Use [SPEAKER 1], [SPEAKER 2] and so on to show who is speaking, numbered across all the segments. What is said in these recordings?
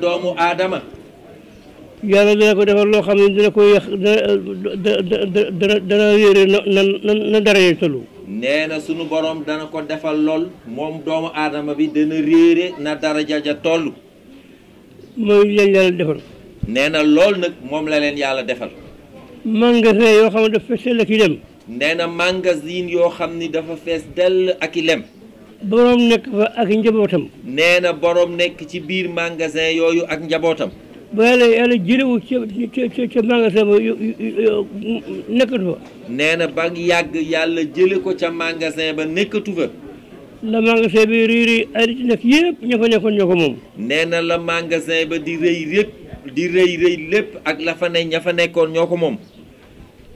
[SPEAKER 1] doomu aadama
[SPEAKER 2] nee ko defal loo xam ne dina
[SPEAKER 1] na sunu boroom dana ko defal lool moom doomu aadama bi dana réere na dara jaja tollu
[SPEAKER 2] mooy leen yàlla defal
[SPEAKER 1] nee lool nag moom la leen yàlla defal
[SPEAKER 2] magasin yoo xam ne dafa fees dell ak i lem.
[SPEAKER 1] nee na magasin yoo xam ni dafa fees dell ak i lem.
[SPEAKER 2] borom nekk fa njabootam.
[SPEAKER 1] nee na borom nekk ci biir magasin yooyu ak njabootam. ba yàlla yàlla nee na ba yàgg yàlla jële ko ca magasin ba nekkatu fa. la
[SPEAKER 2] magasin bi rëy rëy ay nekk yëpp ña fa nekkoon ñoo ko moom.
[SPEAKER 1] nee na la magasin ba di rëy rëpp di rëy rëy lépp ak la fa ne ña fa nekkoon ñoo ko moom.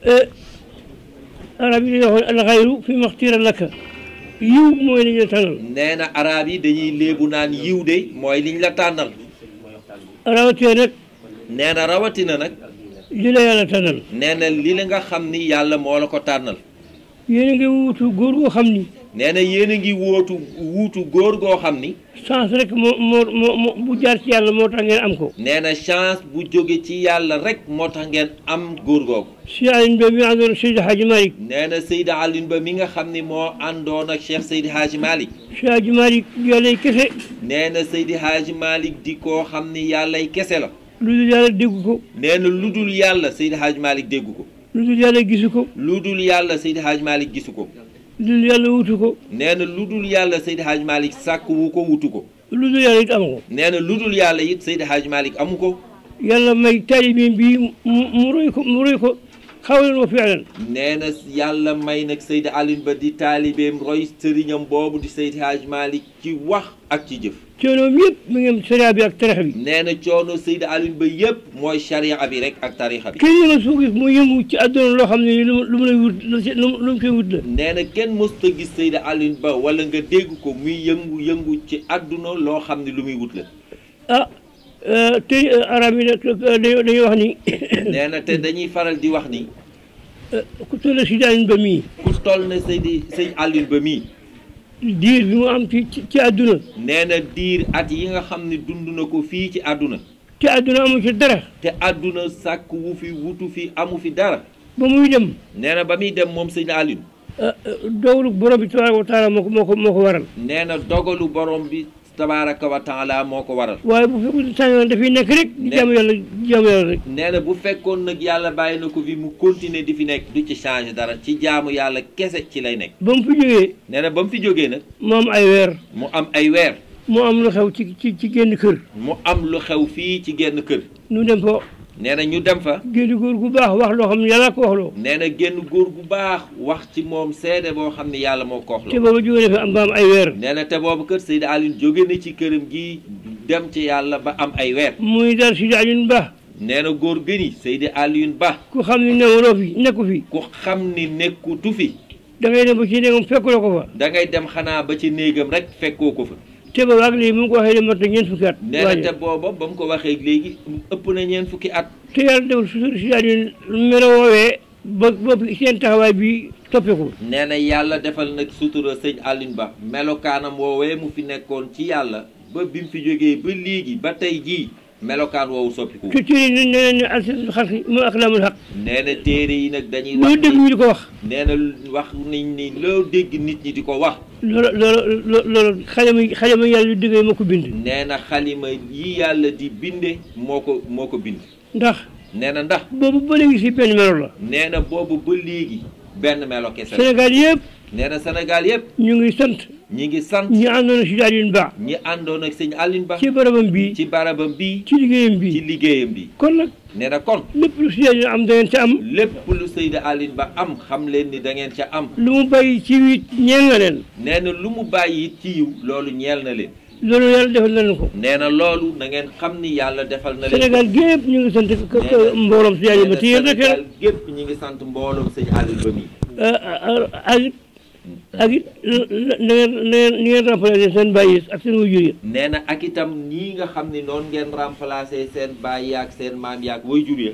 [SPEAKER 2] arab yi dañuy waxoon alxayru fi maxtira laka yiw mooy li tànnal.
[SPEAKER 1] nee na yi dañuy léebu naan yiw de mooy liñ la tànnal.
[SPEAKER 2] rawatina nag.
[SPEAKER 1] nee rawatina nag.
[SPEAKER 2] li la yàlla tànnal.
[SPEAKER 1] nee li la nga xam ni yàlla moo la ko tànnal.
[SPEAKER 2] yéen ngi wutu góor goo xam ni. nee na yéen a ngi wóotu wuutu góor goo xam ni. chance rek moo moo moo bu moo tax ngeen am ko.
[SPEAKER 1] nee na chance bu jóge ci yàlla rek moo tax ngeen am góor googu.
[SPEAKER 2] Cheikh Alioune Ba mi àndoon Seydi Hadji Malick.
[SPEAKER 1] nee na Seydi Alioune Ba mi nga xam ni moo àndoon ak Cheikh Seydi Hadji Malick. Cheikh Hadji Malick yàllay kese. nee na Seydi Hadji Malick di koo xam ni yàllay kese la. lu dul yàlla dégg ko. nee lu dul yàlla Seydi Hadji Malick dégg ko. lu dul yàlla gisu ko. lu Malick gisu ko. dul yàlla wutu ko. nee na lu dul yàlla Seydi Hadj Malick sàkk wu ko wutu ko. lu dul yàlla it amu ko. nee na lu dul yàlla it Seydi Hadj Malick amu ko. yàlla may taalibe bi mu roy ko mu ko. xawlan wa fi'lan nee yàlla may nag Seydi Alioune Ba di taalibeem roy sëriñam boobu di Seydi Hadj Malick ci wax ak ci jëf coonoom yëpp mu
[SPEAKER 2] ngi am bi ak tarixa
[SPEAKER 1] bi nee na coono Seydi Alioune Ba yëpp mooy sariya bi rek ak tarixa bi kenn mos gis mu yëngu ci àdduna loo xam ne lu mu lay wut la nee na kenn mosut gis Seydi Alioune Ba wala nga dégg ko muy yëngu-yëngu ci àdduna loo xam ne lu muy wut la
[SPEAKER 2] ah euh, te euh, yi nag dañuy wax ni
[SPEAKER 1] nee te dañuy faral di wax ni Eh, ku toll ne Seydi Ba mii. ku toll ne sëñ Seydi Ba mii. diir bi mu am ci ci àdduna. nee diir at yi nga xam ne dund na ko fii ci àdduna. ci àdduna amu fi dara. te àdduna sàkk wu fi wutu fi amu fi dara. ba muy dem. nee ba muy dem moom Seydi Alioune. Eh,
[SPEAKER 2] eh, dogalu borom bi tabaaraka wa moo ko moo ko waral.
[SPEAKER 1] nee dogalu borom bi. tabaaraka wa taala moo ko waral.
[SPEAKER 2] waaye bu fekkoon sañoon dafay nekk rek. di jaamu
[SPEAKER 1] yàlla jaamu yàlla rek. nee bu fekkoon nag yàlla bàyyi na ko fi mu continuer di fi nekk. du ci changer dara ci jaamu yàlla kese ci lay nekk. ba mu fi jógee. nee na ba mu fi jógee nag. mu am ay weer. mu am ay weer. mu am lu xew ci ci ci genn kër. mu am lu xew fii ci genn kër. nu dem fo nee na ñu dem fa. génn góor gu baax wax loo xam ne yàlla ko wax loo. nee génn góor gu baax wax ci moom seede boo xam ne yàlla moo ko wax loo. te boobu jóge na fi am ba am nee na te boobu kër Seydou Alioune jóge na ci këram gi dem ci yàlla ba am ay weer. muy daal Seydou Alioune Ba. nee na góor gëni Seydou Alioune Ba. ku xam ne newuloo fi nekku fi. ku xam ne nekkutu fi. dangay dem ba ci néegam fekkoo ko fa. da ngay dem xanaa ba ci néegam rek fekkoo ko fa.
[SPEAKER 2] te booba ak léegi mu ko waxee ne mat na ñeent fukki at. waaye te
[SPEAKER 1] booba ba mu ko waxee léegi ëpp na ñeent fukki at.
[SPEAKER 2] te yàlla defal su si daan mel woowee ba ba seen taxawaay bi toppeeku.
[SPEAKER 1] nee na yàlla defal nag sutura sëñ Alioune Ba melokaanam woowee mu fi nekkoon ci yàlla ba bi mu fi jógee ba léegi ba tey jii. melokaan woowu soppiku. te téere yi
[SPEAKER 2] nee nañu alsinatul xalqi mu aklamul xaq.
[SPEAKER 1] nee téere yi nag dañuy. wax loo dégg ñu di ko wax. nee na wax nañ ni loo dégg nit ñi di ko wax.
[SPEAKER 2] loola loola loola xalima xalima yàlla di digee moo ko bind.
[SPEAKER 1] nee na xalima yi yàlla di binde moo ko moo ko bind. ndax. nee na ndax.
[SPEAKER 2] boobu ba léegi si benn melo la.
[SPEAKER 1] nee na boobu ba léegi benn melo kese. Sénégal yëpp. nee na Sénégal yëpp. ñu ngi sant. ñi ngi sant ñi àndoon ak sëñ Alioune Ba ñi àndoon ak Ba ci barabam bii ci barabam bi ci liggéeyam bi ci liggéeyam bi kon nag nee na kon lépp lu Seydi am da ngeen ca am lépp lu Seydi Alioune Ba am xam leen ni da ngeen ca am lu mu bàyyi ci yiw ñeel na leen nee na lu mu bàyyi ci loolu ñeel na leen
[SPEAKER 2] loolu yàlla defal
[SPEAKER 1] nañu ko nee na loolu na ngeen xam ni yàlla defal na leen Sénégal
[SPEAKER 2] gépp ñu ngi sant mbooloom sëñ Alioune Ba te yéen rek Sénégal
[SPEAKER 1] gépp ñu ngi sant mbooloom sëñ Alioune Ba mi euh, euh, euh, ak it ngeen ni ngeen remplacé seen baay yi ak seen wayjur yi. nee na ak itam nii nga xam ne noonu ngeen remplacé seen baay yaak seen maam yaak wayjur yi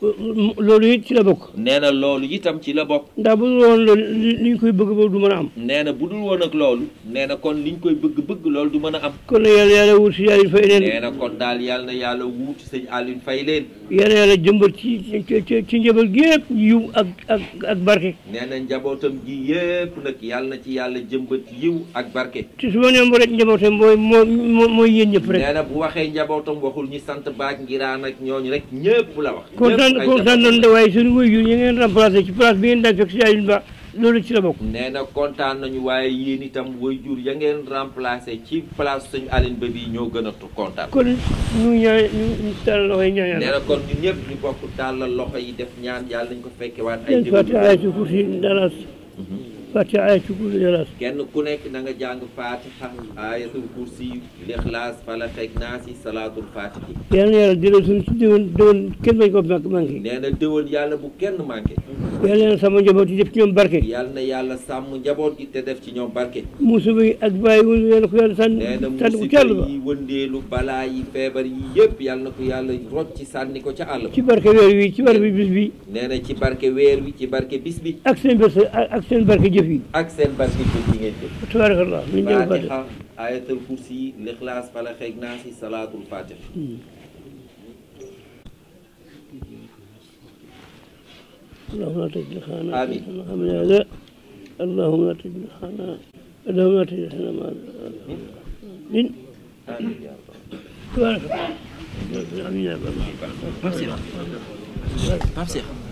[SPEAKER 2] loolu it ci la bokk.
[SPEAKER 1] nee na loolu itam ci la bokk.
[SPEAKER 2] ndax bu dul woon loolu li ñu koy bëgg bëgg du mën a am.
[SPEAKER 1] nee na bu dul woon ak loolu. nee na kon li ñu koy bëgg bëgg loolu du mën a am. kon nag yàlla
[SPEAKER 2] yàlla wuutu si Alioune Faye leen. nee na kon
[SPEAKER 1] daal yàlla na yàlla wuutu sëñ Alioune Faye leen.
[SPEAKER 2] yàlla yàlla jëmbat ci ci ci njaboot gi yiw ak ak ak barke.
[SPEAKER 1] nee na njabootam gi yëpp nag yàlla ci yàlla jëmbat yiw ak barke.
[SPEAKER 2] te su ma nee rek njabootam mooy mooy mooy yéen ñëpp rek.
[SPEAKER 1] bu waxee njabootam waxul ñi sant baak ngiraan ak ñooñu rek kontaan kontaan nañ de
[SPEAKER 2] waaye suñu waajur yi ngeen remplacé ci place bi ngeen daan fekk si Alioune Ba loolu ci la bokk.
[SPEAKER 1] nee na kontaan nañu waaye yéen itam waajur ya ngeen remplacé ci place suñu Alioune Ba bii ñoo gën a kontaan. kon
[SPEAKER 2] ñu ñaan ñu tàllal loxo yi ñaan yàlla.
[SPEAKER 1] ñëpp ñu bokk tàllal loxo yi def ñaan yàlla nañu ko fekke waat. ay déglu
[SPEAKER 2] fatiha ayatul ixlaas
[SPEAKER 1] kenn ku nekk na nga jàng fatiha ayatul kursi lixlaas falaq ak naas salaatul fatihi
[SPEAKER 2] yal na yàlla déwén suñ si déwén déwén kenn bañ ko manqué
[SPEAKER 1] nee na déwén yàlla bu kenn manqué
[SPEAKER 2] yàlla na sama njaboot gi def ci ñoom barke.
[SPEAKER 1] yàlla na yàlla sàmm njaboot gi te def ci ñoom barke.
[SPEAKER 2] musiba yi ak bàyyi wul yàlla ko yàlla sànni. sànni ko ca àll ba yi
[SPEAKER 1] wëndeelu balaa yi feebar yi yëpp yàlla na ko yàlla rocc ci sànni ko ca àll ba. ci barke
[SPEAKER 2] weer wi ci barke bis bi.
[SPEAKER 1] nee na ci barke weer wi ci barke bis bi.
[SPEAKER 2] ak seen bés ak seen barke jëf yi.
[SPEAKER 1] ak seen barke jëf yi ngeen jëf. tabaarakallah. Faatiha ayatul kursi lixlaas falax ak naasi salaatul faatiha.
[SPEAKER 2] Hmm. اللهم لا تجعل خانا من هذا اللهم لا تجعل خانا اللهم لا تجعل خانا ما من
[SPEAKER 1] تبارك الله ما في ما في